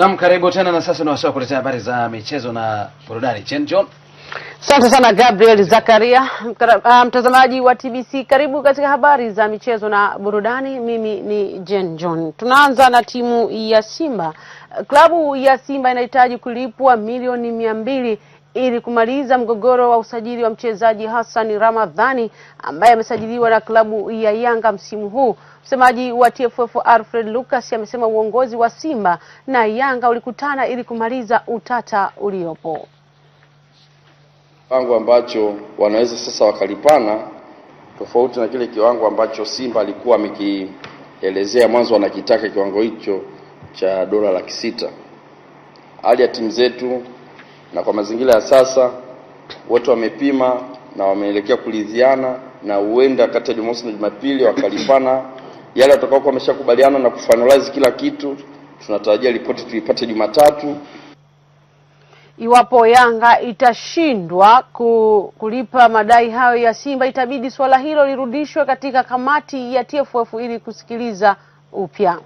Naam, karibu tena na sasa nawasha kuletea habari za michezo na burudani. Chen John. Asante sana Gabriel Zakaria, ah, mtazamaji wa TBC, karibu katika habari za michezo na burudani. Mimi ni Jen John. Tunaanza na timu ya Simba. Klabu ya Simba inahitaji kulipwa milioni mia mbili ili kumaliza mgogoro wa usajili wa mchezaji Hassan Ramadhani ambaye amesajiliwa na klabu ya Yanga msimu huu. Msemaji wa TFF Alfred Lucas amesema uongozi wa Simba na Yanga ulikutana ili kumaliza utata uliopo. Kiwango ambacho wanaweza sasa wakalipana tofauti na kile kiwango ambacho Simba alikuwa amekielezea mwanzo, wanakitaka kiwango hicho cha dola laki sita. Hali ya timu zetu na kwa mazingira ya sasa wote wamepima na wameelekea kuliziana na huenda kati ya Jumamosi na Jumapili wakalipana yale watakaokuwa wameshakubaliana na kufinalize kila kitu. Tunatarajia ripoti tuipate Jumatatu. Iwapo Yanga itashindwa kulipa madai hayo ya Simba, itabidi suala hilo lirudishwe katika kamati ya TFF ili kusikiliza upya.